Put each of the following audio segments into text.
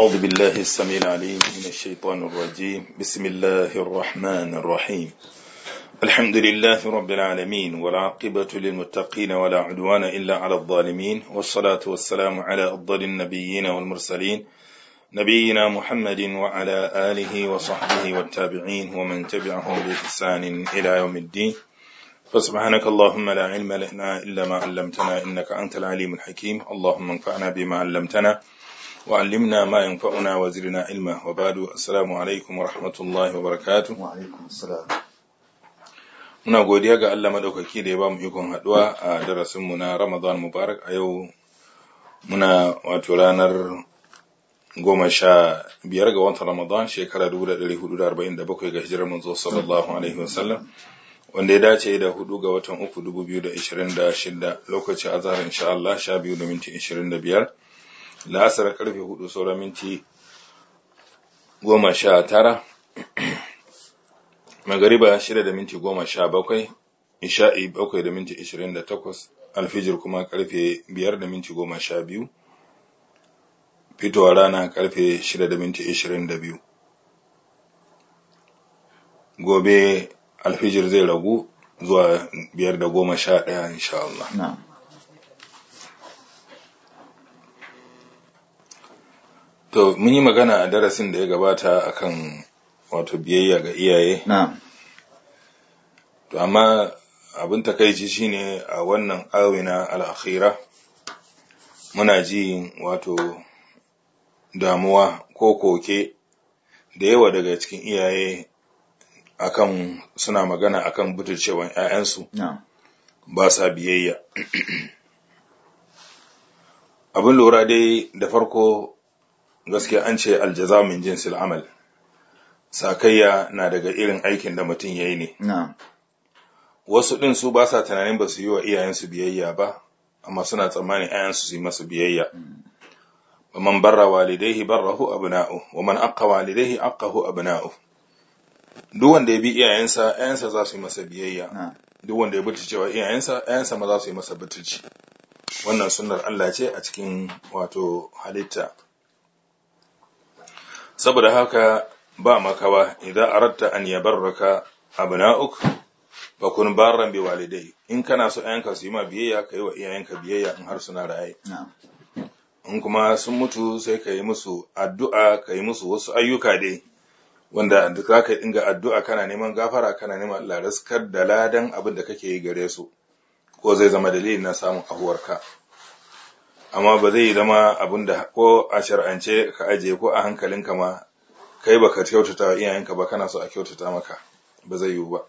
أعوذ بالله السميع العليم من الشيطان الرجيم بسم الله الرحمن الرحيم الحمد لله رب العالمين والعاقبة للمتقين ولا عدوان إلا على الظالمين والصلاة والسلام على أفضل النبيين والمرسلين نبينا محمد وعلى آله وصحبه والتابعين ومن تبعهم بإحسان إلى يوم الدين فسبحانك اللهم لا علم لنا إلا ما علمتنا إنك أنت العليم الحكيم اللهم انفعنا بما علمتنا وعلمنا ما ينفعنا وزرنا علما وبعد السلام عليكم ورحمة الله وبركاته وعليكم السلام muna godiya ga Allah madaukaki da ya bamu ikon haduwa a darasin mu na Ramadan Mubarak a yau muna wato ranar goma sha biyar ga watan Ramadan shekara 1447 ga hijirar manzo sallallahu alaihi wasallam wanda ya dace da hudu ga watan uku 2026 lokacin azhar insha Allah 12 da minti 25 la'asar karfe hudu sauran minti goma sha tara magariba shida da minti goma sha bakwai isha'i bakwai da minti ishirin da takwas alfijir kuma karfe biyar da minti goma sha biyu fitowa rana karfe shida da minti ishirin da biyu gobe alfijir zai ragu zuwa biyar da goma sha ɗaya insha Allah. To mun yi magana a darasin da ya gabata akan wato biyayya ga iyaye. To amma abin takaici shine a wannan awina al'akhira muna ji wato damuwa ko koke da yawa daga cikin iyaye akan suna magana akan butulcewan 'ya'yansu ba sa biyayya. Abin lura dai da farko gaskiya an ce aljaza min jinsil amal sakayya na daga irin aikin da mutum ya yi ne wasu ɗin su ba sa tunanin ba su yi wa iyayensu biyayya ba amma suna tsammanin ayansu su yi masa biyayya mm. man barra walidaihi barrahu abna'u wa man aqqa walidaihi aqqahu abna'u duk wanda ya bi iyayensa ayansa za su yi masa biyayya duk wanda ya bi wa iyayensa ayansa ma za su yi masa bitici wannan sunnar Allah ce a cikin wato halitta saboda haka ba makawa idan aratta an yabarraka abna'uk ba kun barran bi walidai in kana so 'ya'yanka su yi ma biyayya kai wa iyayenka biyayya in har suna ra'ayi in kuma sun mutu sai ka yi musu addu'a ka yi musu wasu ayyuka dai wanda za ka dinga addu'a kana neman gafara kana neman Allah raskar da ladan abin da kake yi gare su ko zai zama dalilin na samun ahuwarka amma ba zai zama abin da ko a shar'ance ka ajiye ko a hankalinka ma kai baka kyautata wa iyayenka ba kana so a kyautata maka ba zai yiwu ba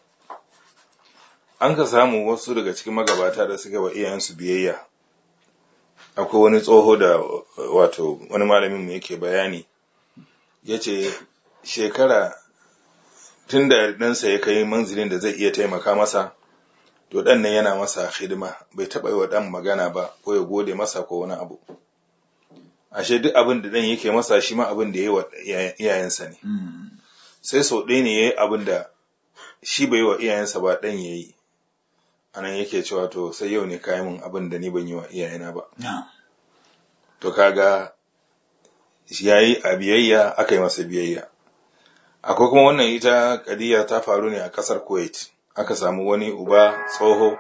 an ka samu wasu daga cikin magabata da suka wa iyayensu biyayya akwai wani tsoho da wato wani malamin mu yake bayani ya ce shekara tun da ɗansa ya kai manzilin da zai iya taimaka masa to ɗan nan yana masa hidima bai taɓa yi wa ɗan magana ba ko ya gode masa ko wani abu ashe duk abin da ɗan yake masa shi ma abin da ya yi wa iyayensa ne mm. sai sau ɗaya ne ya yi abin da shi bai yi wa iyayensa ba ɗan ya yi a nan yake cewa to sai yau ne kayi min abin da ni ban yi wa iyayena ba to kaga ya yi a biyayya aka yi masa biyayya akwai kuma wannan ita kadiya ta faru ne a ƙasar kuwait aka samu wani uba tsoho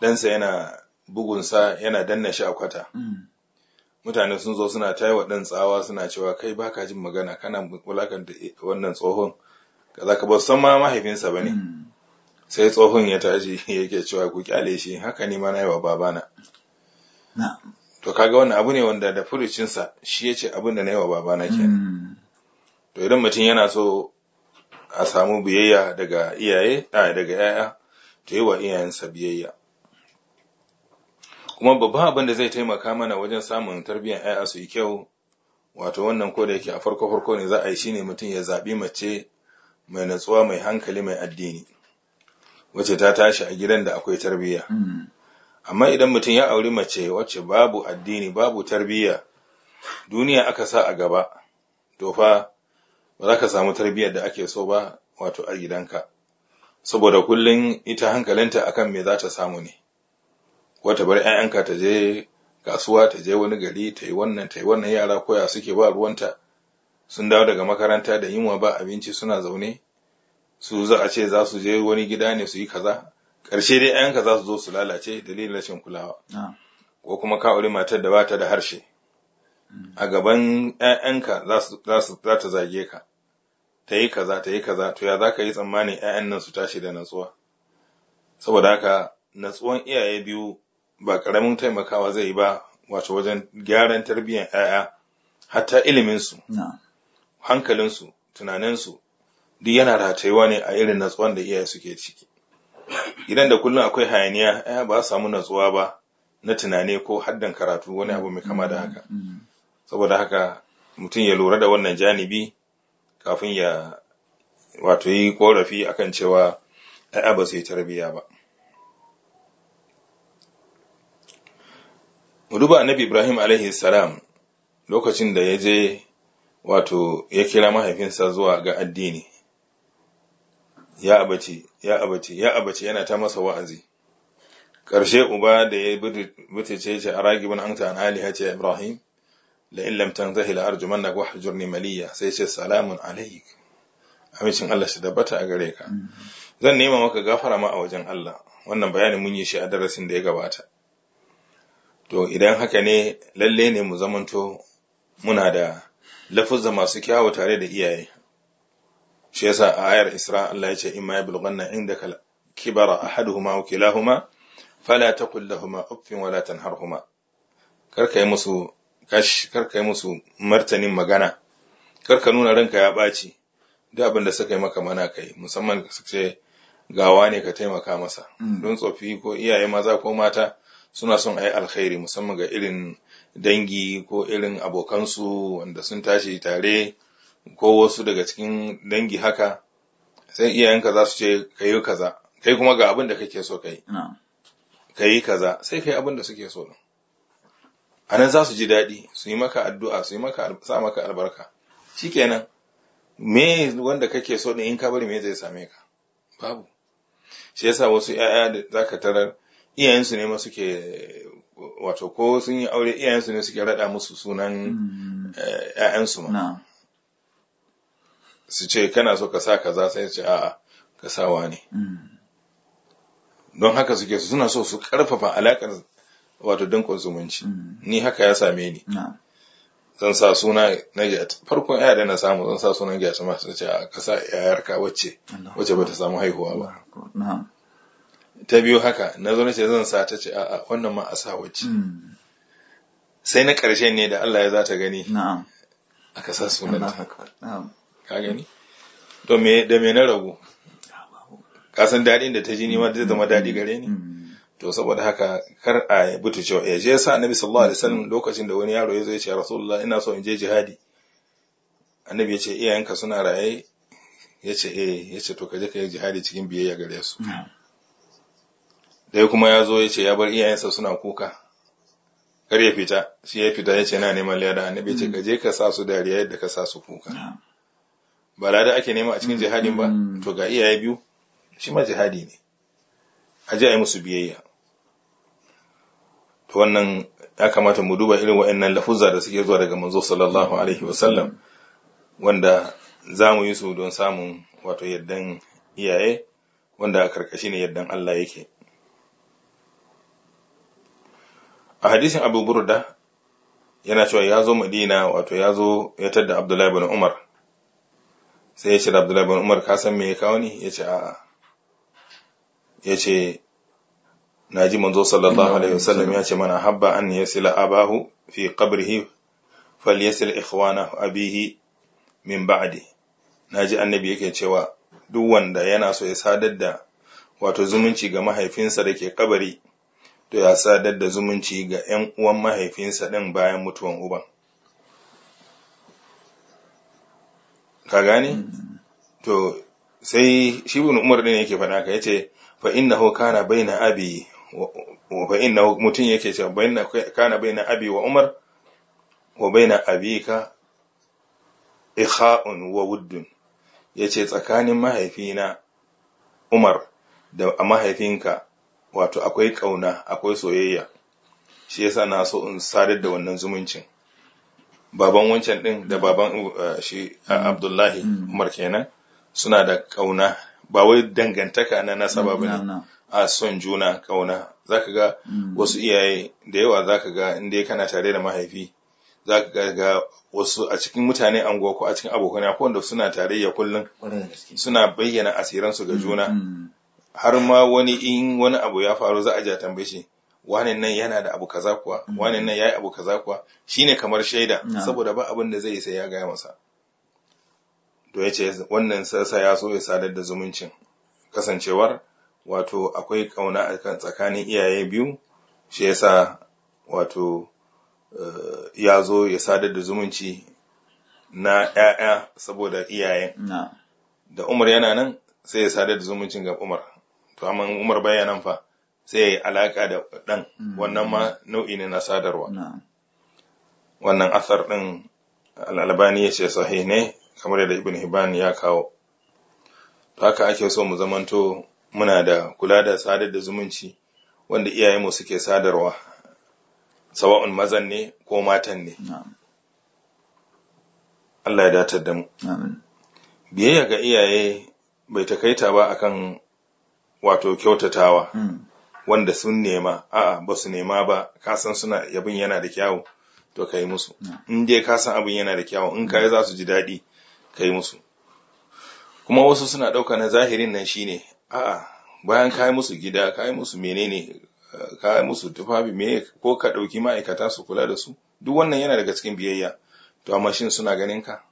ɗansa yana bugun sa, yana danna shi a kwata mm. mutane sun zo suna taiwa ɗan tsawa suna cewa kai baka jin magana kana da wannan tsohon za ka ba san ma mahaifinsa ba ne mm. sai tsohon ya tashi yake cewa ku kyale shi haka ni ma na yi wa babana to kaga wannan abu ne wanda da furucinsa shi ya ce abin da na yi wa babana ke mm. to idan mutum yana so a samu biyayya daga iyaye a daga yaya ta yi wa iyayensa biyayya kuma babban abin da zai taimaka mana wajen samun tarbiyyar yaya su yi kyau wato wannan ko da yake a farko farko ne za a yi shi ne mutum ya zaɓi mace mai natsuwa mai hankali mai addini wacce ta tashi a gidan da akwai tarbiyya amma idan mutum ya auri mace wacce babu addini babu tarbiyya duniya aka sa a gaba to fa ba za ka samu tarbiyyar da ake so ba wato a gidanka saboda kullum ita hankalinta akan me za ta samu ne wata bar 'ya'yanka ta je kasuwa ta je wani gari ta yi wannan ta yi wannan yara koya suke ba ruwanta sun dawo daga makaranta da yinwa ba abinci suna zaune su za a ce za su je wani gida ne su yi kaza ƙarshe dai 'ya'yanka za su zo su lalace dalilin rashin kulawa ko kuma ka matar da ba da harshe a gaban ‘ya'yanka za ta zage ka, ta yi kaza, ta yi kaza, to ya za ka yi tsammanin ‘ya'yan nan su tashi da natsuwa. Saboda haka, natsuwan iyaye biyu ba ƙaramin taimakawa zai yi ba, wace wajen gyaran tarbiyyar ‘ya'ya, hatta iliminsu, hankalinsu, tunaninsu, duk yana ratayuwa ne a irin natsuwan da iyaye suke ciki. Idan da kullum akwai hayaniya, ‘ya'ya ba samu natsuwa ba na tunani ko haddan karatu wani abu mai kama da haka. Mm-hmm. saboda haka mutum ya lura da wannan janibi kafin ya wato yi korafi akan cewa ɗaya ba su yi tarbiyya ba mu duba annabi ibrahim alaihi salam lokacin da ya je wato ya kira mahaifinsa zuwa ga addini ya abace ya abace ya abace yana ta masa wa'azi ƙarshe uba da ya butace ce a ragibin an ta an alihace ibrahim la in lam tanzahi la arjumannak wahjurni maliya sai ce salamun alaik amincin Allah shi tabbata a gare ka mm-hmm. zan nema maka gafara ma a wajen Allah wannan bayanin mun yi shi a darasin da ya gabata to idan haka ne lalle ne mu zamanto muna da lafuzza masu kyawu tare da iyaye shi yasa a ayar Isra Allah ya ce in ma imma inda indaka kibara ahaduhuma wa kilahuma fala taqul lahumu uffin wala tanharhuma ka yi musu Kashi kar yi musu martanin magana kar ka nuna ranka ya ɓaci duk abin da suka yi maka mana kai musamman ce gawa ne ka taimaka masa mm. don tsofi ko iyaye maza ko mata suna son a yi alkhairi musamman ga irin dangi ko irin abokansu wanda sun tashi tare ko wasu daga cikin dangi haka sai iyayenka za su ce ka yi kaza kai kuma ga abin da kake so ka ka yi kaza sai kai yi abin da suke so don anan za su ji daɗi su yi maka addu'a su yi maka sa maka albarka shikenan me wanda kake so din in ka bari me zai same ka babu shi yasa wasu ƴaƴa da zaka tarar iyayensu ne ma suke wato ko sun yi aure iyayensu ne suke raɗa musu sunan mm. eh, su ma su ce kana so ka sa kaza sai ce a'a ka wa ne mm. don haka suke suna so su karfafa alakar wato dinkon zumunci mm. ni haka ya same ni zan sa suna na farkon ya da na samu zan sa sunan gyata masu ce a kasa yayarka wacce wacce bata samu haihuwa ba ta biyu haka na zo ce zan sa ta ce a wannan ma a sa wacce mm. sai na ƙarshe ne da Allah ya za ta gani A sa sunan ka gani to me da me na ragu kasan daɗin da ta ji ni ma zai zama daɗi gare ni mm. to saboda haka kar a butu cewa eh, ya je sa annabi sallallahu alaihi wasallam mm-hmm. lokacin da wani yaro ya zo ya ce rasulullah ina so in je jihadi annabi ya ce iyayenka suna raye ya ce eh ya ce to ka je ka yi jihadi cikin biyayya gare su mm-hmm. dai kuma ya zo ya ce ya bar iyayensa suna kuka kar ya fita shi ya fita ya ce na neman liyada annabi ya ce mm-hmm. ka je ka sa su dariya yadda ka sa su kuka ba lada ake nema a cikin jihadin ba to ga iyaye biyu shi ma jihadi ne a ji musu biyayya wannan ya kamata mu duba irin wa'annan lafuzza da suke zuwa daga manzo sallallahu alaihi wasallam wanda za yi su don samun wato yaddan iyaye wanda a karkashi ne yaddan Allah yake a hadisin abu burda yana cewa ya zo madina wato ya zo ya tadda abdullahi bin umar sai ya ce abdullahi bin umar ka san me ya kawo ni ya a'a yace naji manzo sallallahu alaihi wasallam ya ce mana habba an yasila abahu fi qabrihi falyasil ikhwana abihi min ba'di naji annabi yake cewa duk wanda yana so ya sadar da wato zumunci ga mahaifinsa da ke kabari to ya sadar da zumunci ga 'yan uwan mahaifinsa din bayan mutuwan uban ka gane to sai shi ibn umar din yake faɗa ka yace fa innahu kana baina abi wa inna mutum yake cewa bayyana kana bayyana abi wa umar wa bayyana abika ikha'un wa wuddun yace tsakanin mahaifina umar da mahaifinka wato akwai kauna akwai soyayya shi yasa na so in sadar da wannan zumuncin baban wancan din da baban uh, shi uh, mm. abdullahi mm. umar kenan suna da kauna ba wai dangantaka na nasaba mm, ba ne a son juna kauna zaka ga mm. wasu iyaye da yawa zaka ga in dai kana tare da mahaifi zaka ga wasu a cikin mutane anguwa ko a cikin abokan akwai wanda suna ya kullun? suna bayyana asiransu ga mm, juna mm. har ma wani in wani abu ya faru za a ja tambaye shi Wani nan yana da abu kaza kuwa Wani nan yayi abu kaza kuwa ne kamar shaida saboda ba abin da zai sai ya gaya masa to yace wannan sassa ya so ya sadar da zumuncin kasancewar wato akwai ƙauna a tsakanin iyaye biyu shi yasa wato eh, ya zo ya sadar da zumunci na ‘ya'ya saboda iyaye. da umar yana nan sai ya sadar da zumuncin ga umar to amma umar bayanan fa sai ya yi alaƙa da ɗan mm. wannan ma nau'i ne na sadarwa wannan asar ɗin al'albani ya ce sahih ne kamar yadda ibn hibban ya kawo haka ake so mu zamanto muna da kula da sadar da zumunci wanda mu suke sadarwa sawa'un mazan ne ko matan ne Allah ya datar da mu biyayya ga iyaye bai takaita ba akan wato kyautatawa hmm. wanda sun nema a'a ba su nema ba kasan suna yabin yana da kyawu to ka musu in dai kasan abin yana da kyawu in kai hmm. za su ji daɗi kai musu kuma wasu suna ɗauka na zahirin nan shine a'a bayan ka yi musu gida ka yi musu menene ka yi musu tufafi me ko ka ɗauki ma'aikata su kula da su duk wannan yana daga cikin biyayya to amma shin suna ganin ka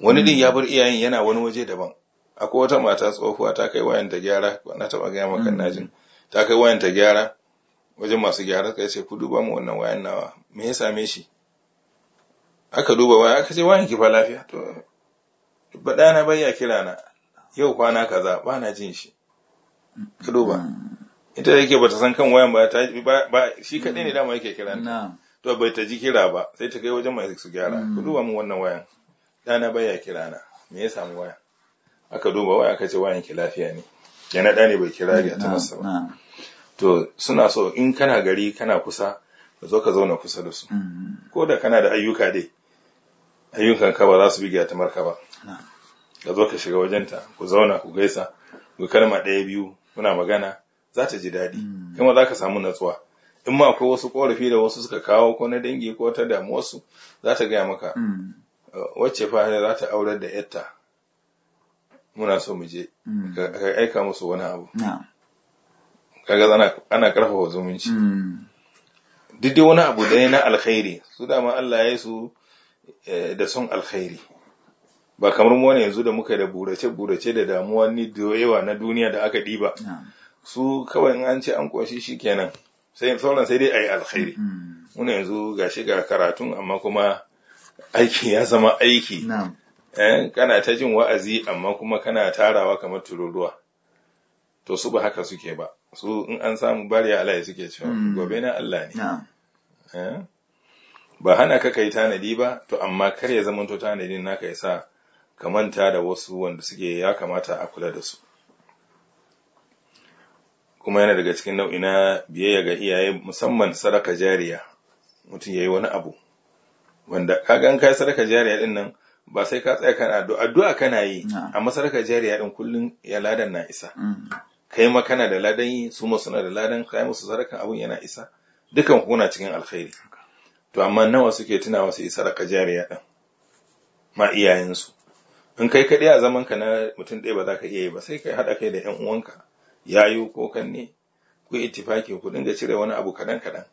wani din ya bar iyayen yana wani waje daban akwai wata mata tsohuwa ta kai wayan ta gyara na taɓa gaya maka najin mm. ta kai wayan ta gyara wajen masu gyara kai ce ku duba mu wannan wayan nawa me ya same shi aka duba waya aka ce wayan ki fa lafiya to ba dana bai ya kira na yau kwana kaza ba na jin shi ka duba mm. ita yake bata san kan wayan ba ta ba shi kaɗai ne mm. dama yake kiran to bai ta ji kira ba sai ta kai wajen mai su gyara ka mm. duba mu wannan wayan dana baya kira na me ya samu wayan aka duba waya aka ce wayan ki lafiya ne yana da ne bai kira ya ta masa ba to suna so in kana gari kana kusa ka zo ka zauna kusa da su ko da kana da ayyuka dai ayyukan ka ba za su bi ta marka ba da zo ka shiga wajenta ku zauna ku gaisa ku kalma ɗaya biyu muna magana za ta ji daɗi hmm. kuma za ka samu natsuwa in ma akwai wasu korafi da wasu suka kawo ko na dangi ko ta damu wasu za ta gaya maka hmm. uh, wacce fa za ta aurar da yatta muna so mu je hmm. ka aika musu wani abu kaga ana karfafa zumunci duk wani abu da na alkhairi su dama Allah ya yi su eh, da son alkhairi ba kamar mu wani yanzu da muka da burace-burace da damuwa ni da yawa na duniya da aka ɗiba su kawai an ce an ƙoshi shi kenan sai sauran sai dai a yi alkhairi mm-hmm. muna yanzu ga shi ga karatun amma kuma aiki ya zama aiki eh, kana ta jin wa'azi amma kuma kana tarawa kamar tururuwa to su ba haka suke ba su in an samu bariya Allah suke cewa mm-hmm. gobe na Allah ne eh? ba hana ka kai tanadi ba to amma kar ya zama to tanadin naka ya sa ka manta da wasu wanda suke ya kamata a kula da su kuma yana daga cikin nau'i na biyayya ga iyaye musamman sadaka jariya mutum ya yi wani abu wanda ka an kai sadaka jariya din nan ba sai ka tsaya kana addu'a addu'a kana yi amma sadaka jariya din kullun ya ladan na isa mm. kai ma kana da ladan yi su ma suna da ladan kai musu sadakan abun yana isa dukan na cikin alkhairi to amma nawa suke tunawa su yi sadaka jariya din ma iyayensu in kai kaɗai a zaman ka na mutum ɗaya ba za ka iya yi ba sai ka haɗa kai da ƴan uwanka yayu ko kanne ku ittifaki ku dinga cire wani abu kaɗan kaɗan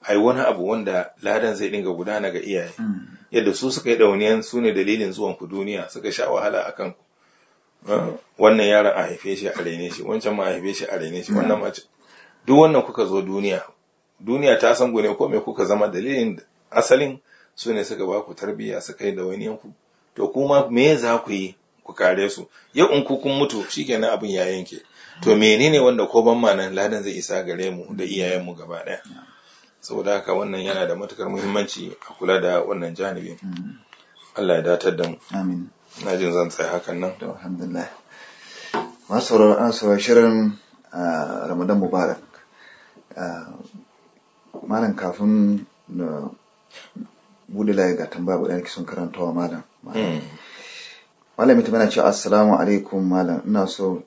a yi wani abu wanda ladan zai dinga gudana ga iyaye hmm. yadda su suka yi ɗauniyan su ne dalilin zuwan ku duniya suka sha wahala a kanku ah, wannan yaron a haife shi a raine shi wancan ma a haife shi a raine shi wannan ma duk wannan kuka zo duniya duniya ta san gune ko me kuka zama dalilin asalin su ne suka ba ku tarbiyya suka yi ɗauniyan ku to kuma me za ku yi ku kare su yau in ku kun mutu shikenan abin ya yanke to menene wanda ko ban ma nan ladan zai isa gare mu da iyayen mu gaba daya saboda haka wannan yana da matukar muhimmanci a kula da wannan janibi Allah ya datar da mu amin na jin zan tsaya hakan nan to alhamdulillah masu an so shirin Ramadan Mubarak malam kafin bude layi ga tambaya guda nake son wa malam hmm. Malam ta mana cewa assalamu alaikum malam ina so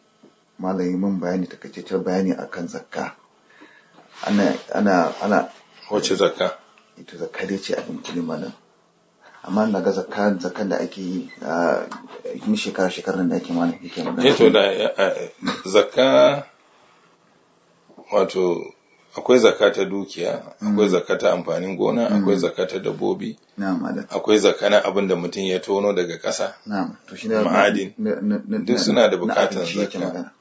malam yi min bayani takaitaccen bayani akan zakka ana ana ana wace zakka ita zakka dai ce abin kuli malam amma na ga zakka zakkan da ake yi a yin shekara shekarar da ake malam yake magana eh to da eh, zakka wato akwai zaka ta dukiya akwai mm. zaka ta amfanin gona akwai mm. zaka ta dabbobi akwai zaka na abin da mutum ya tono daga ƙasa ma'adin duk suna da bukatar zaka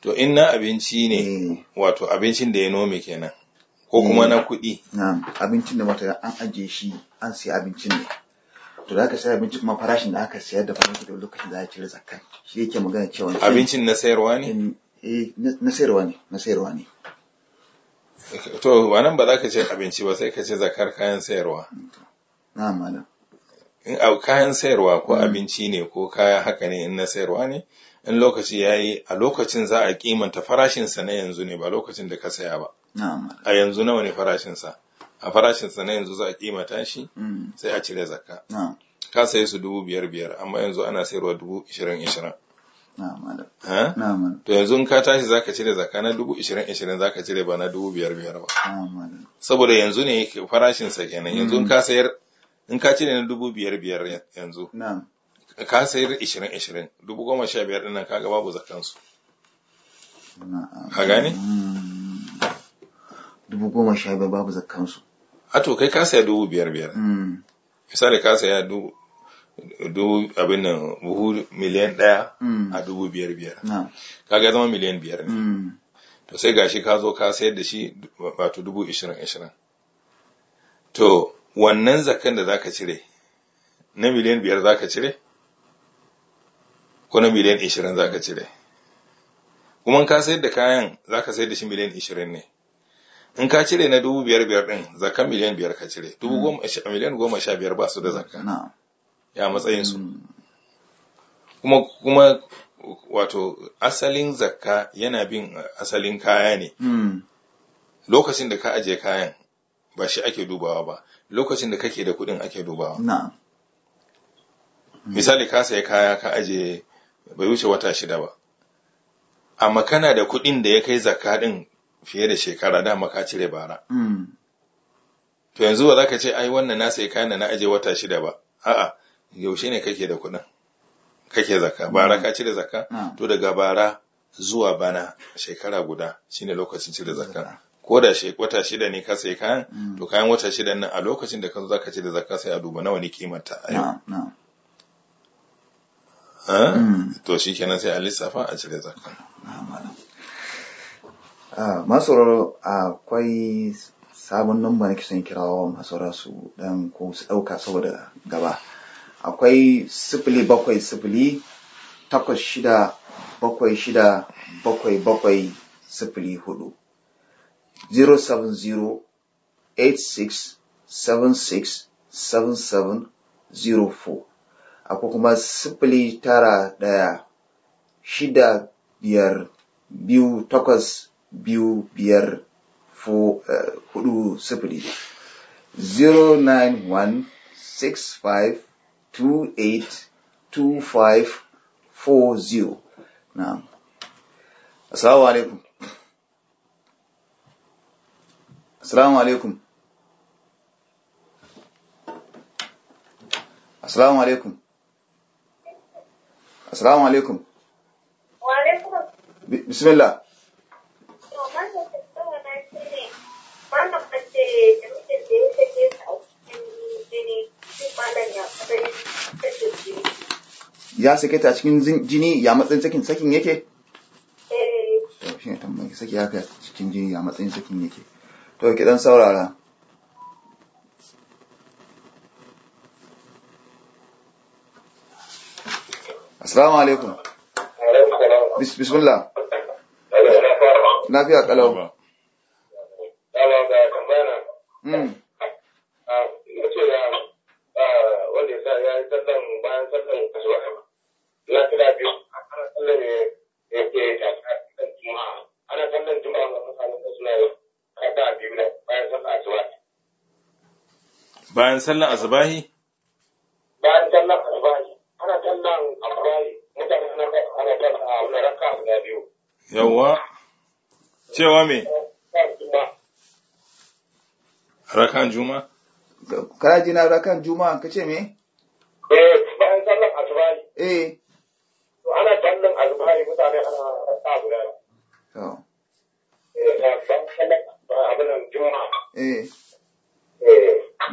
to in na abinci ne eh. wato abincin da ya nome kenan ko kuma eh. na kuɗi abincin da mata an ajiye shi an siya abincin ne to da aka sayar abinci kuma farashin da aka sayar da farashin da lokacin da ya cire zakka shi yake magana cewa abincin na sayarwa ne eh, na sayarwa ne na sayarwa ne to wannan ba za ka ce abinci ba sai ka ce zakar kayan sayarwa in a kayan sayarwa ko hmm. abinci ne ko kaya haka ne in na sayarwa ne in lokaci ya yi a lokacin za a kimanta farashinsa na yanzu ne ba lokacin da ka saya ba a yanzu nawa ne farashinsa a farashinsa na yanzu za a kimanta shi hmm. sai a cire zakka ka saye su dubu biyar biyar amma yanzu ana sayarwa dubu ishirin ishirin To yanzu in ka tashi zaka cire zaka na dubu ishirin ishirin zaka cire ba na dubu biyar biyar ba. Saboda yanzu ne farashin sa kenan yanzu in mm. ka sayar in ka cire na dubu biyar biyar yanzu. Ka sayar ishirin ishirin dubu goma sha biyar dinnan kaga babu zakansu. Ka gane? Mm. Dubu goma sha biyar babu zakansu. A to kai ka saya dubu biyar biyar. Mm. Misali ka saya dubu dubu abin nan buhu miliyan ɗaya mm. a dubu biyar biyar Ka ga zama miliyan biyar ne mm. to sai gashi ka zo ka sayar da shi wato dubu ishirin ishirin to wannan zakan da zaka cire na miliyan biyar zaka cire ko na miliyan ishirin zaka cire kuma ka sayar da kayan zaka sayar da shi miliyan ishirin ne in ka cire na dubu biyar biyar din zakan miliyan biyar ka cire dubu mm. goma miliyan goma sha biyar ba su da zakka ya matsayin mm. kuma kuma wato asalin zakka yana bin asalin kaya ne mm. lokacin da ka aje kayan ba shi ake dubawa ba lokacin da kake da kuɗin ake dubawa mm. misali ka saya kaya ka aje bai wuce wata shida ba amma kana da kuɗin da ya kai zakka din fiye da shekara dama ka cire bara to yanzu ba za ka ce ai wannan na sayi kayan na aje wata shida ba a'a yaushe ne kake da kuɗin kake zakka bara ka cire zakka to daga bara zuwa bana shekara guda shine lokacin cire zakka ko da shi wata shida ne ka sai kayan mm. to kayan wata shida nan a lokacin da ka zo zaka cire zakka sai a duba nawa ne kimar ta ayo yau ah? mm. to shikenan sai a lissafa a cire zakka ah, masu akwai sabon numba ne kisan kirawa masoro su dan ko su ɗauka saboda gaba akwai sifili bakwai sifili takwas shida bakwai shida bakwai bakwai sifili hudu 07086767704 akwai kuma sifili tara daya shida biyar biyu takwas biyu biyar eh, hudu sifili 091 65 282540. Na'am. Assalamu alaikum. Assalamu alaikum. Assalamu alaikum. Assalamu alaikum. Wa alaikum. Bismillah. To, ya sake ta cikin jini ya matsayin sakin sakin yake eh. to shine tambayar saki haka cikin jini ya matsayin sakin yake to ki dan saurara Assalamu alaikum. Bismillah. Lafiya kalau. bayan sallan asubahi bayan sallan asubahi ana sallan asubahi mutane ana ana sallan raka guda biyu yawwa cewa me rakan juma kana jina rakan juma ka ce me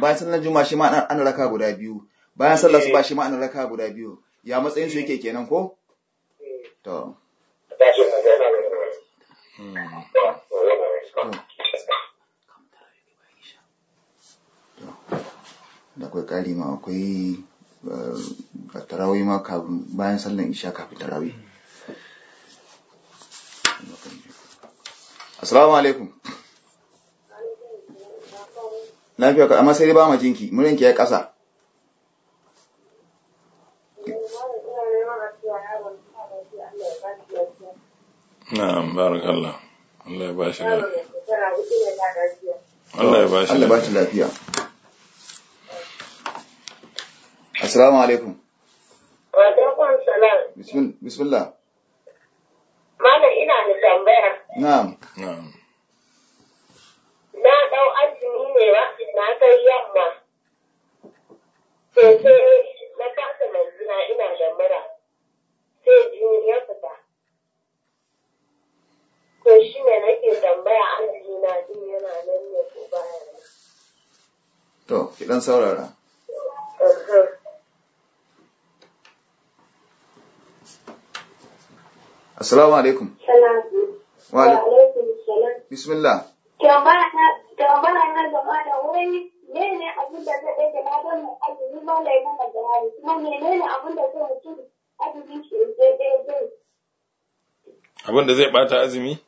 bayan sallar juma'a shi ma ana raka guda biyu bayan sallar eh. su ba shi ma ana raka guda biyu ya matsayin su yake kenan ko to da hmm. akwai ƙari ma akwai eh, tarawih ma bayan sallar isha kafin tarawih hmm. assalamu alaikum na fi amma sai dai ba ma jinki murinki ya ƙasa na'am barakallah Allah ya ba shi lafiya Allah ya ba shi lafiya Assalamu alaikum Wa alaikum salam Bismillah Malam ina da tambaya Na'am Na'am Na dau azumi ne wa na kai yamma sai sai na kasa manzina ina da mura sai jini ya fita to shi ne nake tambaya an jina din yana nan ne ko baya to ki dan saurara Assalamu alaikum. Wa alaikum salam. Bismillah. na da abin da zai ɗaya azumi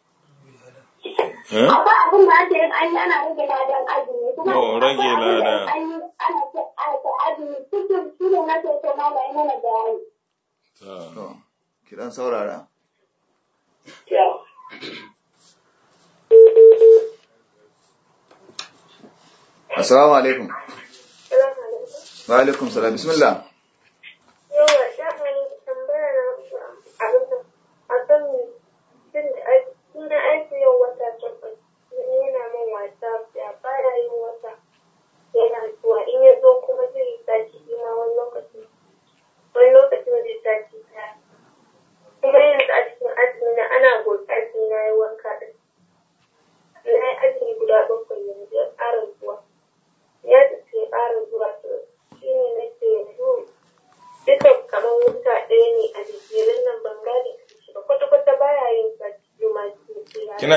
ba abin da ake yin azumi ana rage ladan azumi. abin Akwai abin da ake yin an ana rage azumi kuma ta azumi cikin shine na ke ce ma lai saurara. السلام عليكم وعليكم السلام بسم الله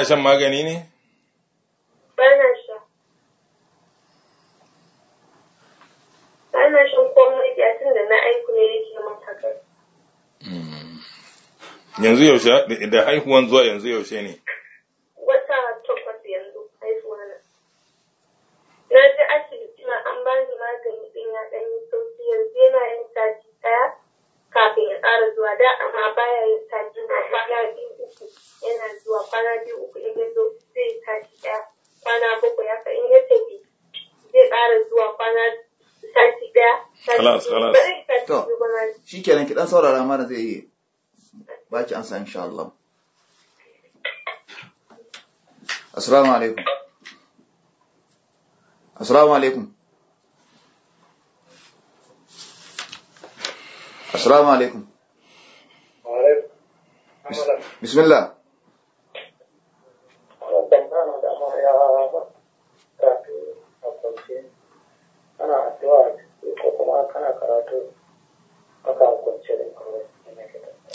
shan magani ne? Bana sha. Bana shan komai da na aiku ne yake mata kai. Hmm. Yanzu yaushe da haihuwan zuwa yanzu yaushe ne? dan saurara mana zai yi baci an sa insha Allah assalamu alaikum assalamu alaikum السلام بسم الله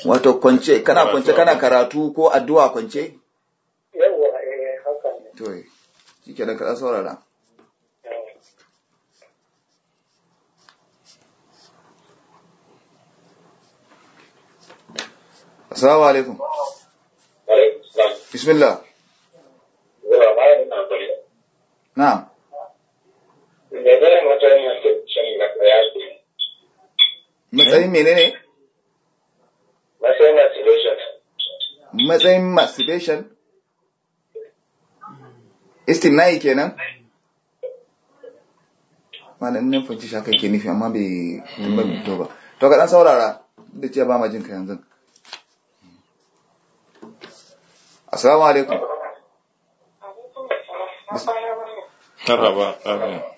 Wato kwance, kana kwance kana karatu ko addu'a kwance? yawa eh, haka ne. To, shi ke da kaɗa saurara. Assalamu alaikum. Bismillah. Na'am. ne da mutane Matsayin eh? menene? Matsayin masturbation. Matsayin masturbation? Istimna'i kenan? Malam nan fahimci shaka ke nufi amma bai hmm. tumbar mito ba. To ka dan saurara da ce ba ma jin ka yanzu. Assalamu alaikum. Marhaba, amin.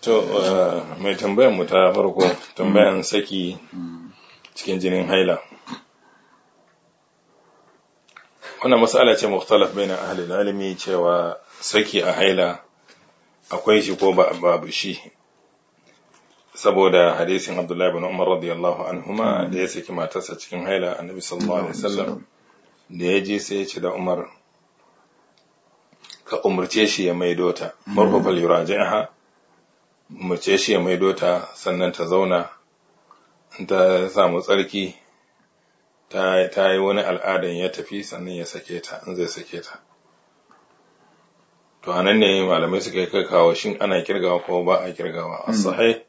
to eh, mai tambayar mu ta farko tambayan saki cikin jinin haila wannan matsala ce mukhtalaf na ahli alimi cewa saki a haila akwai shi ko ba babu shi saboda hadisin Abdullahi ibn Umar radiyallahu anhuma da ya saki matarsa cikin haila annabi sallallahu alaihi wasallam da ya je sai ya ce da Umar ka umarce shi ya maido ta marko mm-hmm. fal umarce shi ya maido ta sannan ta zauna ta samu tsarki ta yi wani al'adan ya tafi sannan ya sake ta in zai sake ta to anan ne malamai suka yi kakawa shin ana kirgawa ko ba a kirgawa mm. a sahai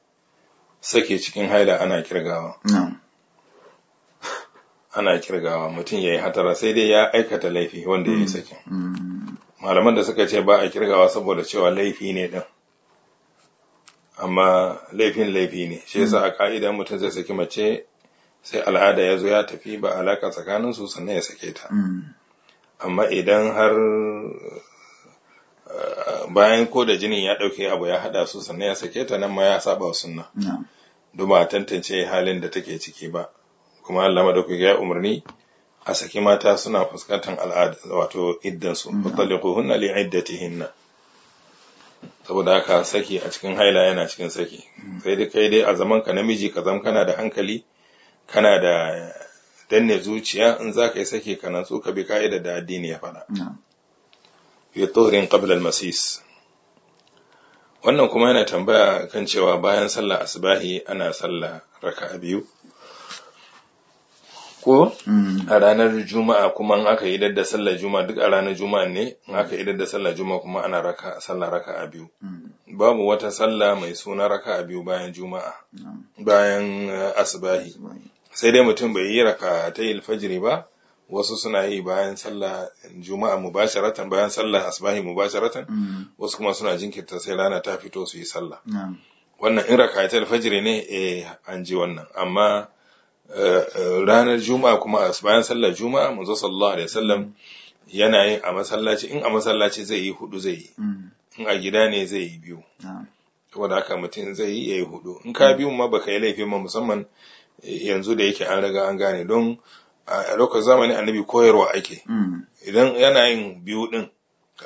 sake cikin haila ana kirgawa ana kirgawa mutum ya yi hatara sai dai ya aikata laifi wanda ya yi sakin mm. malaman da suka ce ba a kirgawa saboda cewa laifi ne din amma laifin laifi ne shi yasa a ka'ida mutum zai saki mace sai al'ada ya zo ya tafi ba alaka tsakanin su sannan ya sake ta mm. amma idan har eh, bayan ko da jinin ya ɗauke abu ya haɗa su sannan ya sake ta nan ma ya saba sunna duma tantance halin da take ciki ba kuma Allah madaukaki ya umarni a saki mata suna fuskantar al'ada wato iddansu fatalliquhunna mm-hmm. li iddatihinna saboda haka saki a cikin haila yana cikin saki mm-hmm. sai dai kai dai a zaman ka namiji ka zama kana da hankali kana da danne zuciya in za ka yi saki ka nan so ka bi ka'ida da addini ya faɗa ya tsorin qabla al-masis wannan kuma yana tambaya kan cewa bayan sallah asbahi ana sallah raka'a biyu ko mm. a ranar juma'a kuma an aka idar da sallar juma'a duk a ranar juma'a ne an mm. aka idar da sallar juma'a kuma ana raka sallar raka a biyu mm. babu wata sallah mai suna raka a biyu bayan juma'a bayan uh, asubahi sai dai mutum bai yi raka ta alfajiri ba wasu suna yi bayan sallah juma'a mubasharatan bayan sallah asubahi mubasharatan wasu kuma suna jinkirta sai rana ta fito su yi sallah wannan in raka ta alfajiri ne eh an ji wannan amma ranar juma'a kuma a bayan sallar juma'a manzo sallallahu alaihi wasallam yana yin a masallaci in a masallaci zai yi hudu zai yi mm. in a gida ne zai yi biyu ah. saboda haka mutum zai yi yayi hudu in ka biyu ma baka yi laifi ma musamman e, yanzu da yake an riga an gane don a lokacin zamani annabi koyarwa ake mm. idan yana yin biyu din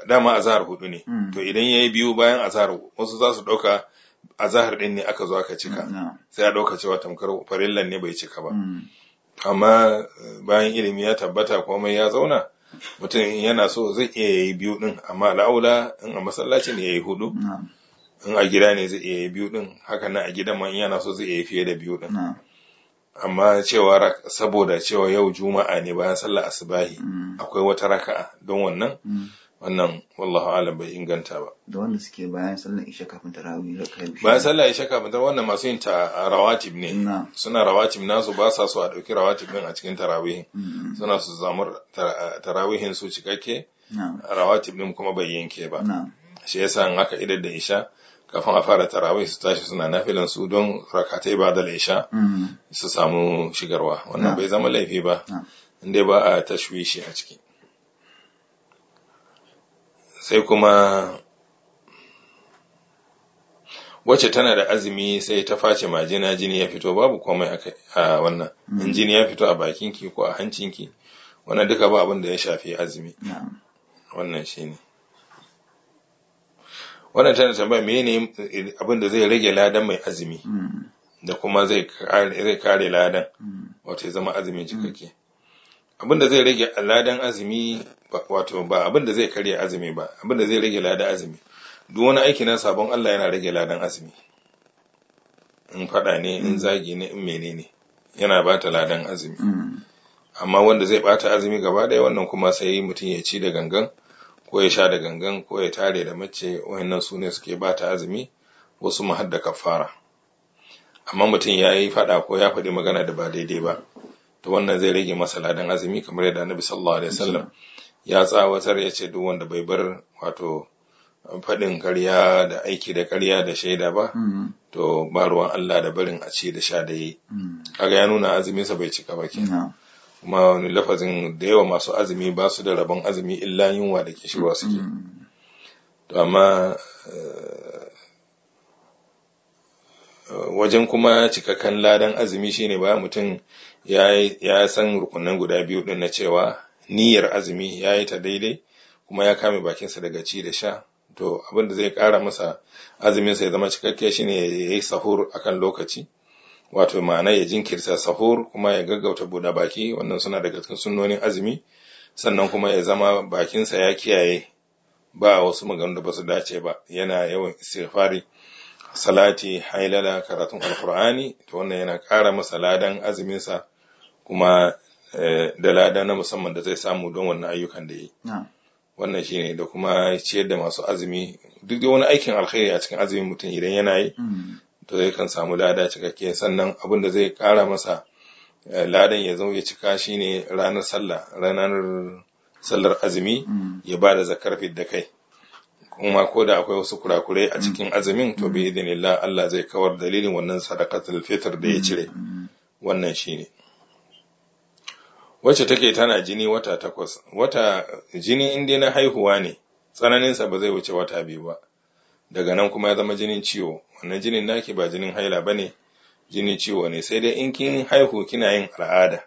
dama azhar hudu ne mm. to idan yayi biyu bayan azhar wasu za su dauka a zahar ɗin ne aka zo aka cika sai a ɗauka cewa tamkar farillan ne bai cika ba mm. amma eh, bayan ilimi ya tabbata komai ya zauna mutum yana so zai iya yayi biyu din. amma al'aula in a masallaci ne yayi hudu in a gida ne zai iya yayi biyu din. haka nan a gidan ma in yana so zai iya fiye da biyu din. amma cewa saboda cewa yau juma'a ne bayan sallar asubahi mm. akwai wata raka'a don wannan mm. wannan wallahu alam bai inganta ba da wanda suke bayan sallar isha kafin tarawih da kai bayan sallar isha kafin tarawih wannan masu yin ta rawatib ne suna rawatib nasu ba sa so a dauki rawatib din a cikin tarawih suna su zamur tarawihin su cikakke rawatib din kuma bai yanke ba shi yasa in aka idar da isha kafin a fara tarawih su tashi suna nafilan su don rakatai ba da isha su samu shigarwa wannan bai zama laifi ba inda ba a tashwishi a ciki sai kuma wacce tana da azumi sai ta face majina jini ya fito babu komai a wannan mm. in jini ya fito a bakinki ko a hancinki wannan duka ba abin da ya shafi azumi wannan shine wannan tana tambaya ne abin da zai rage ladan mai azumi mm. da kuma zai kare ladan mm. wato ya zama azumin cikakke abinda zai rage ladan azumi wato ba abinda zai karya azumi ba abinda zai rage ladan azumi duk wani aiki na sabon Allah yana rage ladan azumi in faɗa ne in mm. zagi ne in menene yana bata ladan azumi mm. amma wanda zai bata azumi gaba ɗaya wannan kuma sai mutum ya ci da gangan ko ya sha da gangan ko ya tare da mace wayannan su ne suke bata azumi wasu mahadda kafara amma mutum ya yi faɗa ko ya faɗi magana da ba daidai ba to wannan zai rage masa ladan azumi kamar yadda annabi sallallahu alaihi wasallam ya tsawatar ya ce duk wanda bai bar wato faɗin karya da aiki da karya da shaida ba mm-hmm. to ba ruwan Allah da barin a ce da sha da yi mm-hmm. kaga ya nuna azumin sa bai cika ba ke kuma wani lafazin da yawa masu azumi ba su da rabon azumi illa yunwa da kishirwa suke mm-hmm. to amma eh, wajen kuma cikakken ladan azumi shine ba mutum ya san rukunan guda biyu din na cewa niyyar azumi ya yi ta daidai kuma ya kame bakinsa daga ci da sha to abinda zai kara masa azuminsa ya zama cikakke shi ne ya yi sahur a kan lokaci wato ma'ana ya jinkirta sahur kuma ya gaggauta buɗe baki wannan suna daga cikin sunnonin azumi sannan kuma ya zama bakinsa ya kiyaye ba wasu maganganu da ba su dace ba yana yawan istighfari salati hailala karatun alkur'ani to wannan yana ƙara masa ladan azuminsa kuma eh, da lada na musamman da zai samu don wannan ayyukan da yi wannan shine da kuma ciyar da masu azumi duk wani aikin alkhairi a cikin azumin mutum idan yana yi mm. to zai kan samu lada cikakke sannan abin da zai ƙara masa eh, ladan ya zama ya cika shine ranar sallah ranar sallar azumi mm. ya ba da zakar da kai kuma ko da akwai wasu kurakurai a mm. cikin mm. azumin to mm. bi idinillah Allah zai kawar dalilin wannan sadaqatul fitr da ya cire wannan shine wacce take tana jini wata takwas wata jini inda na haihuwa ne tsananin sa ba zai wuce wata biyu ba daga nan kuma ya zama jinin ciwo wannan jinin naki ba jinin haila ba ne jinin ciwo ne sai dai in kin haihu kina yin al'ada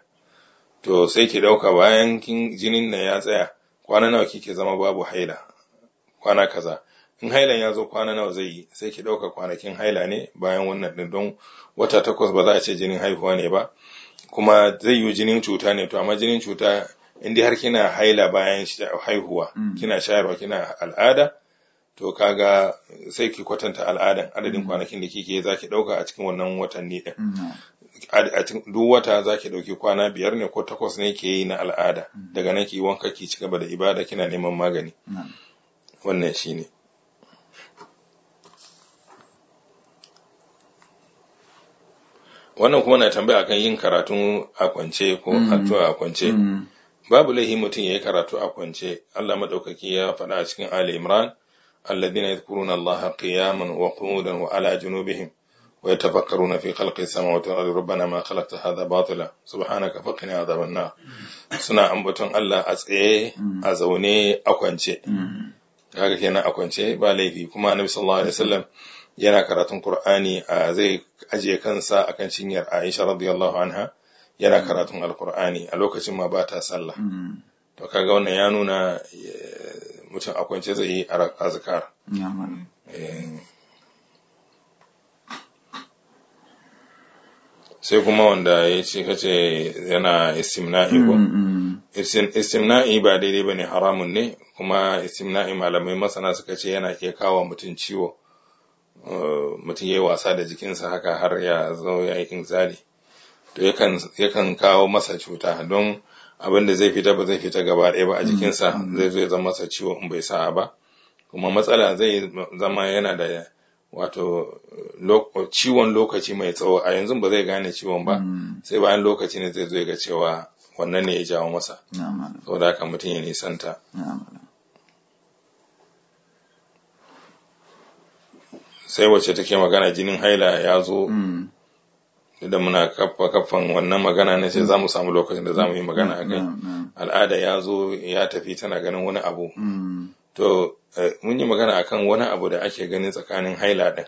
to sai ki ɗauka bayan kin jinin na ya tsaya kwana nawa kike zama babu haila kwana kaza in hailan ya zo kwana nawa zai yi sai ki ɗauka kwanakin haila ne bayan wannan ɗin don wata takwas ba za a ce jinin haihuwa ne ba kuma zai yi jinin cuta ne to amma jinin cuta in dai har kina haila bayan haihuwa mm. kina shayarwa kina al'ada to kaga sai ki kwatanta al'adan adadin mm. kwanakin da kike za ki ɗauka a cikin wannan watanni ɗin mm, duk wata za ki ɗauki kwana biyar ne ko takwas ne ke yi na al'ada daga nan ki wanka ki ci gaba da ibada kina neman magani. wannan shi ne wannan kuma na tambaya akan yin karatun a kwance ko hatuwa mm. a kwance mm. babu laihi mutum ya yi karatu a kwance Allah maɗaukaki ya faɗa a cikin Ali Imran alladhina yadhkuruna Allah qiyaman wa qu'udan wa ala junubihim wa yatafakkaruna fi khalqis samawati wal ardi rabbana ma khalaqta hadha batila subhanaka faqina adhaban nar mm. suna ambaton Allah a tsaye a zaune a kwance kaga kenan a kwance ba laifi kuma annabi sallallahu alaihi wasallam yana karatun qur'ani a zai aje kansa akan cinyar Aisha radiyallahu anha yana karatun alqur'ani a lokacin ma ba ta sallah hmm. to kaga wannan ya nuna eh, mutum a kwance zai yi azkar sai kuma wanda ya ce kace yana istimna'i ko mm, mm. istimna'i ba daidai bane haramun ne kuma istimna'i malamai masana suka ce yana ke kawo mutum ciwo eh, mutum ya yi wasa da jikinsa haka har ya zo ya yi inzali to yakan kawo masa cuta don abin da zai fita ba zai fita gaba ɗaya ba a mm, jikinsa zai zo ya zama masa ciwo in bai sa'a ba kuma matsala zai zama yana da wato ciwon lokaci mai tsawo a yanzu ba zai gane ciwon ba mm. sai bayan lokaci ne zai zo ga cewa wannan ne ya jawo masa da haka mutum ya nisanta sai wacce take magana jinin haila ya zo mm. idan muna kafa kafan wannan magana ne sai za mu samu lokacin da za mu yi magana mm. a kai al'ada ya zo ya tafi tana ganin wani abu to eh, mun yi magana akan wani abu da ake ganin tsakanin haila din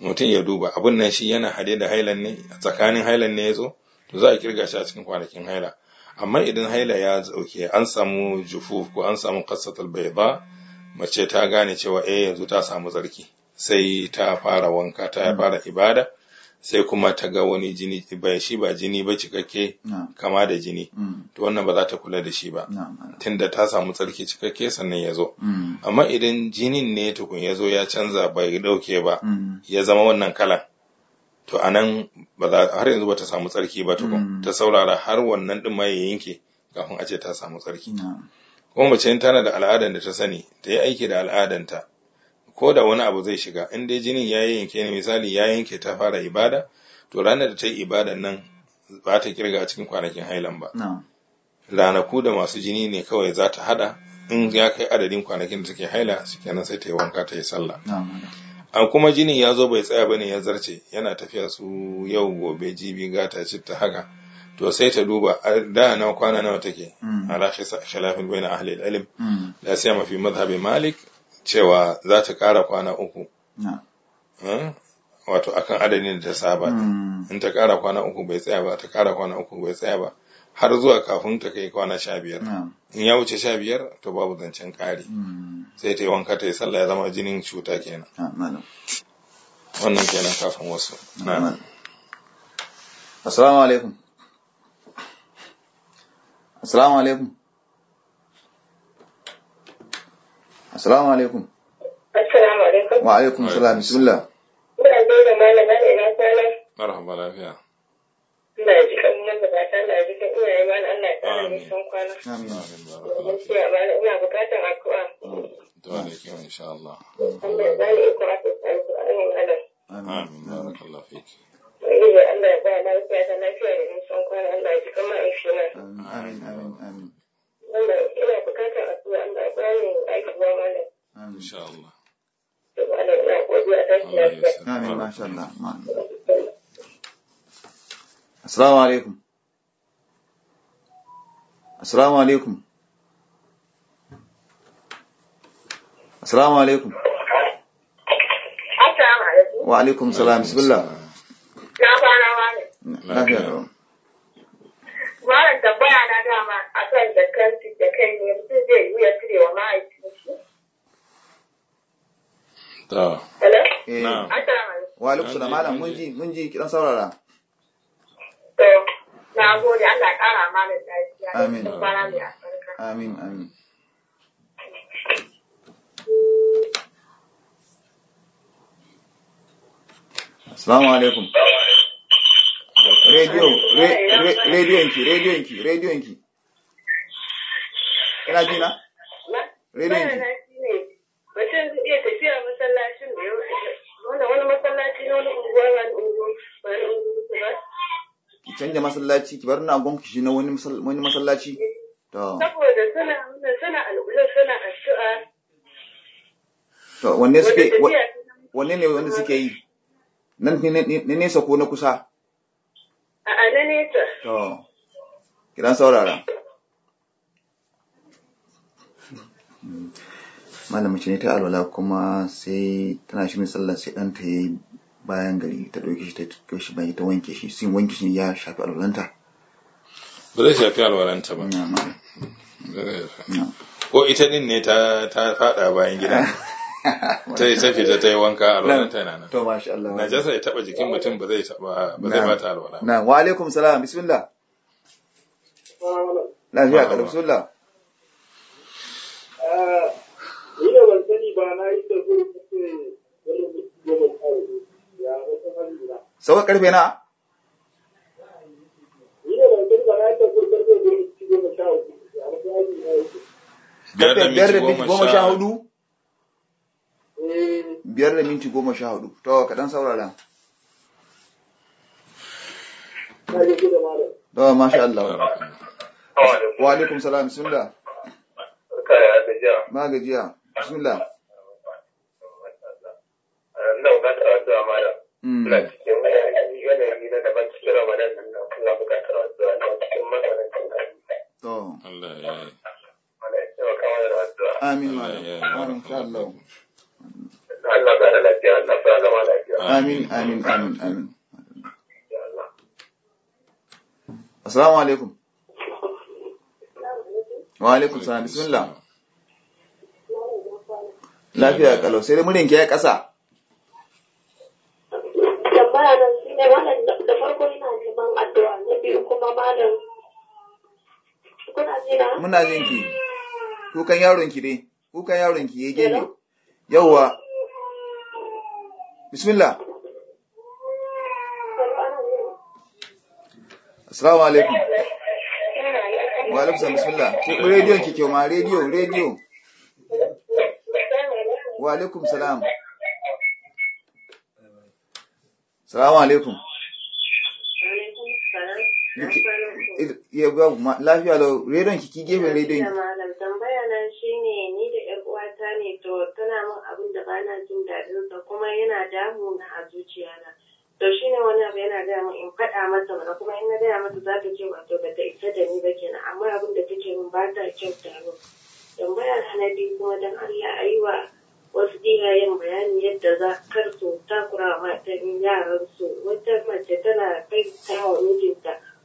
mutum ya duba abun nan shi yana hade da hailan ne tsakanin hailan ne ya zo to za a kirga shi a cikin kwanakin haila amma idan haila ya zauke, an samu jufu ko an samu bai ba mace ta gane cewa eh yanzu ta samu zarki sai ta fara wanka ta fara ibada sai kuma ta ga wani jini ba shi ba jini ba cikakke kama da jini mm. to wannan ba za ta kula da shi ba tunda ta samu tsarki cikakke sannan ya zo mm. amma idan jinin ne tukun ya zo ya canza bai dauke ba mm. ya zama wannan kalan to anan nan har yanzu ba ta samu tsarki ba tukun ta saurara har wannan din ma ya yanke kafin a ce ta samu tsarki kuma mace tana da al'adan da ta sani ta yi aiki da al'adanta ko da wani abu zai shiga in dai jinin ya yanke ne misali ya yanke ta fara ibada to ranar da ta yi ibadan nan ba ta kirga a cikin kwanakin hailan ba ranaku da masu jini ne kawai za ta hada in ya kai adadin kwanakin da suke haila su kenan sai ta yi wanka ta yi sallah an kuma jinin ya zo bai tsaya ba ne ya zarce yana tafiya su yau gobe jibi gata citta haka to sai ta duba da nawa kwana nawa take mm. ala shalafin bai na ahalil ilm da mm. sai mafi mazhabin malik cewa za ta ƙara kwana uku hmm? wato akan adadin da ta saba hmm. in ta ƙara kwana uku bai tsaya ba ta ƙara kwana uku bai tsaya ba har zuwa kafin ta kai kwana sha biyar in ya wuce sha biyar to babu zancen ƙari hmm. sai ta yi wanka ta yi sallah ya zama jinin cuta kenan wannan kenan kafin wasu assalamu alaikum assalamu alaikum Assalamu alaikum. Assalamu alaikum. Wa alaikum salam bismillah. Ina da da malam da ina kwana. Marhaba lafiya. Ina ji kan nan da bata na ji kan iyaye ma Allah ya kara mu san kwana. Amin. ina bukatan addu'a. Dole ne kin insha Allah. Allah ya bani iko a Allah. Amin. Barakallahu Allah ya ba lafiya da lafiya da san kwana Allah ya ji kan ma'aikina. Amin amin amin. wanda ina assalamu alaikum assalamu alaikum assalamu alaikum wa alaikum salam bismillah na fara wani lafiya tambaya na dama akan da da kai ne mutum zai yi ya cire wa mahaifin eh. shi. Wa alaikum da malam mun ji mun ji kidan saurara. To, na gode Allah ya kara lafiya. Amin. Amin amin. Assalamu alaikum. Rediyo, rediyonki, Kana na? Mutum zai iya tafiya da ya wani masallaci na wani unguwa ba unguwa ba ba. Ki canja masallaci ki bar na gon ki na wani masallaci. Eh. Saboda suna suna alƙulan suna addu'a. To wanne suke wanne ne wanda suke yi? Nan ne nesa ko na kusa? A'a na nesa. To, kiran saurara. malamin ce ne ta alwala kuma sai tana shirin sallah sai ɗan ta yi bayan gari ta ɗauke shi ta ɗauke shi bayan ta wanke shi sun wanke shi ya shafi alwalanta ba zai shafi alwalanta ba ko ita din ne ta fada bayan gida ta yi safi ta yi wanka alwalanta na nan to masha Allah ya taba jikin mutum ba zai taba ba zai bata alwala na wa alaikum salam bismillah lafiya ka bismillah eh, ka karfe na biyar da minti goma sha hudu biyar da minti goma sha hudu to kaɗan saurara Dawa masha Allah. Wa alaikum salam bismillah. Ma gajiya. Bismillah. Ina bukata addu'a Cristo. Amin Amin, amin, amin, Assalamu alaikum. Wa alaikum salam. Bismillah. Lafiya kalau sai dai ya kasa. Tambaya nan shi wannan da farko ina addu'a kuma malam Muna jin ki. Kukan yaron ki dai. Kukan yaron ki ya gefe. yauwa Bismillah. Assalamu alaikum. Wa alaikum bismillah. Ku rediyon ki kyau ma rediyo rediyo. Wa alaikum salam. Assalamu alaikum. Wa alaikum salam. Eh, ya ba ma lafiya lau rediyon ki gefen rediyon ki. malam tambaya na ne, ni da yar uwata ne to tana min abin da ba na jin daɗin sa kuma yana damu na a na, To shine wani abu yana gaya min in faɗa masa mana kuma in na gaya masa za ta ce wato ba ta isa da ni ba kenan amma abin da take min ba ta kyauta min. Tambaya na biyu kuma don Allah a yi wa wasu iyayen bayanin yadda za kar su takura wa matan yaransu wata mace tana kai ta wa mijinta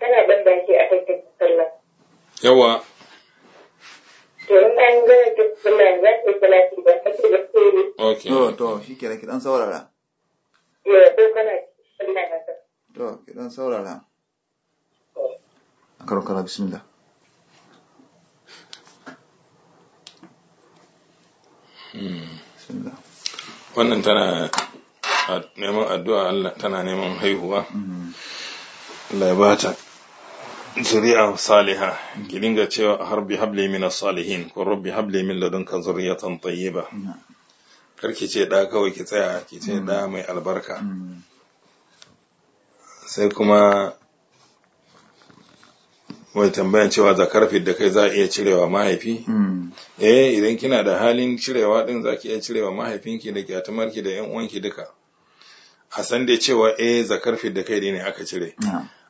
tana ɗan baki a kan sallah. Yawa. To in an gana ta sallah za ta salati ba ta ce da kere. Ok. To to shi kenan ki ɗan saurara. Ya ko kana sallah na ta. To ki ɗan saurara. A karo kara bismillah. Wannan tana neman addu'a Allah tana neman haihuwa. Mm-hmm. Allah ya bata zuri'a saliha ki dinga cewa harbi hable min salihin ko rabbi hable min ladunka zuriyatan tayyiba kar ki ce da kawai ki tsaya ki ce da mai albarka sai kuma wai tambayan cewa zakarfi da kai za a iya cirewa mahaifi eh idan kina da halin cirewa din za ki iya cirewa mahaifinki da kyatumarki da yan uwanki duka a san dai cewa eh zakarfi da kai ne aka cire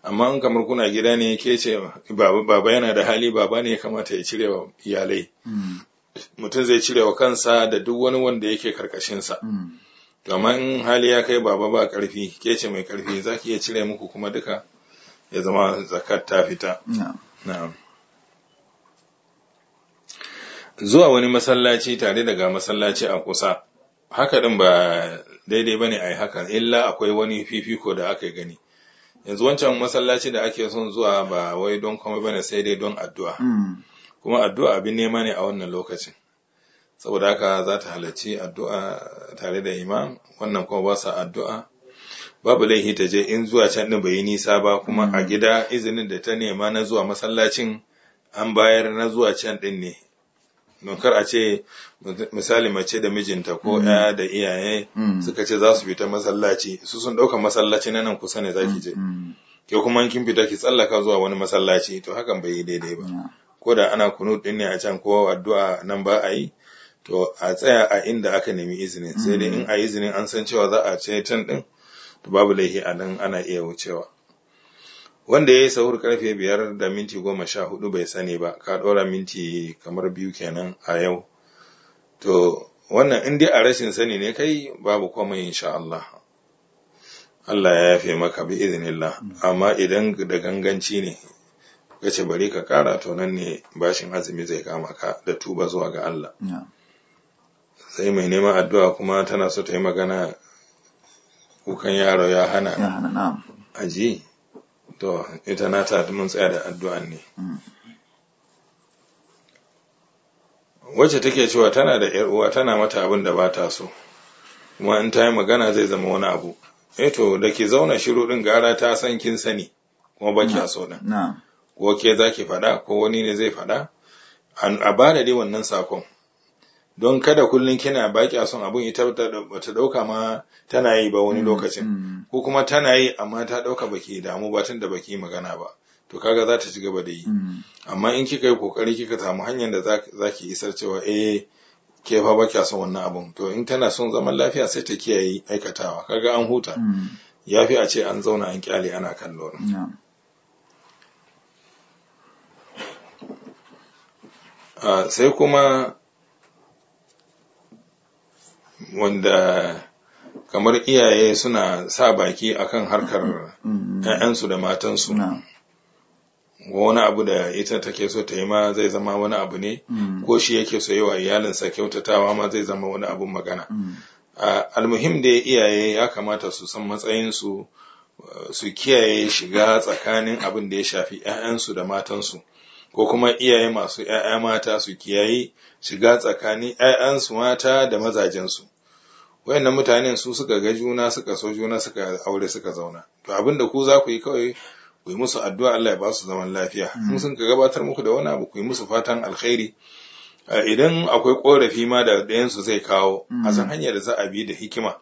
amma in kamar kuna gida ne ke ce baba yana da hali baba ne ya kamata ya cire wa iyalai hmm. mutum zai cire wa kansa da duk wani wanda yake karkashinsa sa hmm. amma in hali ya kai baba ba karfi ke ce mai karfi za ki iya cire muku kuma duka ya zama zakat ta fita zuwa wani masallaci tare daga masallaci a kusa haka din ba daidai bane ai haka illa akwai wani fifiko da aka gani yanzu wancan masallaci da ake son zuwa ba wai don komai bane sai dai don addu'a hmm. kuma addu'a abin nema ne a wannan lokacin saboda haka za ta halarci addu'a tare da imam wannan kuma ba sa addu'a babu laifi ta je in zuwa can ɗin bai yi nisa ba kuma a hmm. gida izinin da ta nema na zuwa masallacin an bayar na zuwa can ɗin ne don a ce misali mace da mijinta ko ya mm. da iyaye mm. suka ce za su fita masallaci su sun ɗauka masallaci na nan kusa ne za ki je mm. ke kuma kin fita ki tsallaka zuwa wani masallaci to hakan bai yi daidai ba ko da ana kunu ɗin ne a can ko addu'a nan ba a yi to a tsaya a inda aka nemi izinin sai dai in a izinin an san cewa za a ce can ɗin to babu laifi a nan ana iya wucewa wanda ya yi sahur karfe biyar da minti goma sha hudu bai sani ba ka ɗora minti kamar biyu kenan a yau to wannan in a rashin sani ne kai babu komai insha Allah Allah ya yafe maka bi iznillah amma idan da ganganci ne kace bari ka kara to nan ne bashin azumi zai kama ka da tuba zuwa ga Allah sai mai neman addu'a kuma tana so ta yi magana kukan yaro ya hana aji To, ita na ta mun tsaya da addu'an ne. Wacce take cewa tana da ‘yar uwa tana mata abin da ba ta so, kuma in ta yi magana zai zama wani abu. Eto, eh da ke zauna shiru ɗin gara ta san kin sani, kuma ba kya so ɗin. Ko ke za ki faɗa, ko wani ne zai faɗa, a ba da dai wannan sakon. don kada kullum kina baki a son abun ita ta ɗauka ma tana yi ba wani mm, lokacin mm. ko kuma tana yi amma ta dauka baki damu ba tun ba baki magana ba to kaga za ta ci gaba da yi mm. amma in kika yi kokari kika samu hanyar da za ki isar cewa eh ke fa baki son wannan abun to in tana son zaman lafiya sai ta kiyaye aikatawa kaga an huta ya fi a ce an zauna an kyale ana kallo ah, sai kuma wanda kamar iyaye suna sa baki akan harkar 'ya'yansu mm-hmm. da matansu wani abu da ita take so ta yi ma zai zama wani abu ne mm-hmm. ko shi yake so yi wa iyalinsa kyautatawa ma zai zama wani abun magana mm-hmm. almuhim da iyaye ya kamata su san matsayinsu su kiyaye shiga tsakanin abin da ya shafi 'ya'yansu da matansu ko kuma iyaye masu 'ya'ya mata su kiyaye shiga tsakanin 'ya'yansu mata da mazajensu wayannan mutanen su suka ga juna suka so juna suka aure suka zauna to abin da ku za ku yi kawai ku yi musu addu'a Allah ya ba su zaman lafiya hmm. in sun ka gabatar muku da wani abu ku yi musu fatan alkhairi idan akwai korafi ma da ɗayan su zai kawo a hmm. san hanyar da za a bi da hikima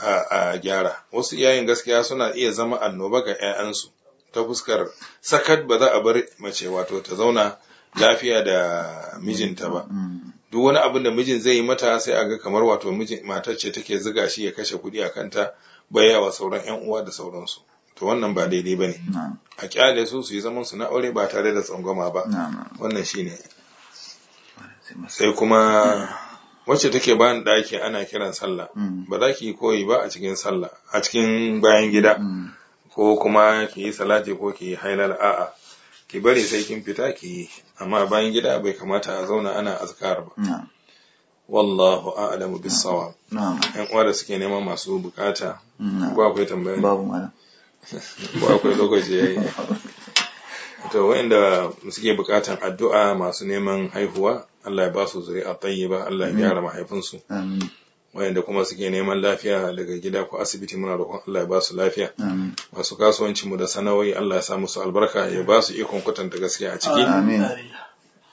a gyara wasu iyayen gaskiya suna iya zama annoba ga 'ya'yansu ta fuskar sakat ba za a bar mace wato ta zauna lafiya da mijinta ba hmm. duk wani abin da mijin zai yi mata sai a ga kamar wato mijin matar ce take ziga shi ya kashe kuɗi a kanta bayawa sauran yan uwa da sauransu to wannan ba daidai bane ne a kyale su su yi zaman su na aure ba tare da tsangwama ba wannan shine sai kuma wacce take ni ɗaki ana kiran sallah mm. ba za ki koyi ba a cikin sallah a cikin bayan gida mm. ko kuma ki yi salati ko ki yi hailal a'a ki bari sai kin fita ki yi amma bayan gida bai kamata a zauna ana azkar ba wallahu a'lamu bis sawab yan uwa da suke neman masu bukata ko akwai tambaya babu mana ko akwai lokaci yayi to wanda suke bukatan addu'a masu neman haihuwa Allah ya ba su zuri'a tayyiba Allah ya gyara mahaifinsu amin wayanda kuma suke neman lafiya daga gida ko asibiti muna roƙon Allah ya ba su lafiya masu kasuwancin mu da sana'o'i Allah ya sa musu albarka ya ba su ikon kwatanta gaskiya a ciki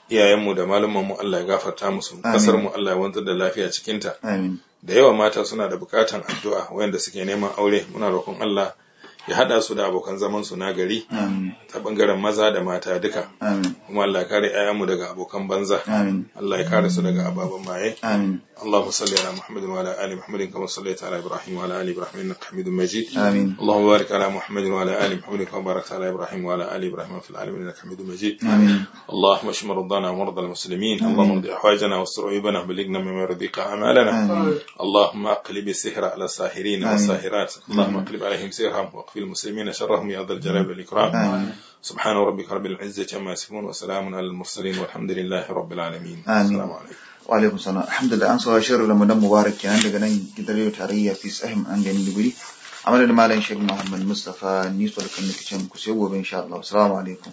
iyayenmu da malamanmu Allah ya gafarta musu kasar mu Allah ya wanzar da lafiya cikinta da yawa mata suna da bukatan addu'a wayanda suke neman aure muna roƙon Allah ya hada su da abokan zaman su na gari ta bangaren maza da mata duka kuma Allah ya kare ayyamu daga abokan banza Allah ya kare su daga ababen maye Allahu salli ala Muhammad wa ala ali Muhammad kama sallaita ala Ibrahim wa ala ali Ibrahim innaka Hamidum Majid amin Allahu barik ala Muhammad wa ala ali Muhammad kama barakta ala Ibrahim wa ala ali Ibrahim fil alamin innaka Hamidum Majid amin Allahumma ridana wa اللهم اشف مرضانا ومرضى المسلمين اللهم ارض احواجنا واستر عيوبنا بلغنا مما يرضيك Allahumma aqlib sihra ala sahirin wa sahirat Allahumma aqlib alaihim sihra في المسلمين شرهم يا ذا الجلال والإكرام سبحان ربك رب العزة عما يصفون وسلام على المرسلين والحمد لله رب العالمين السلام عليكم وعليكم السلام الحمد لله انسو اشير لما مبارك كان دغن كدري تاريخ في سهم عند النبي عمل المال ان شاء الله محمد مصطفى نيسو لكم كشم كسيو ان شاء الله السلام عليكم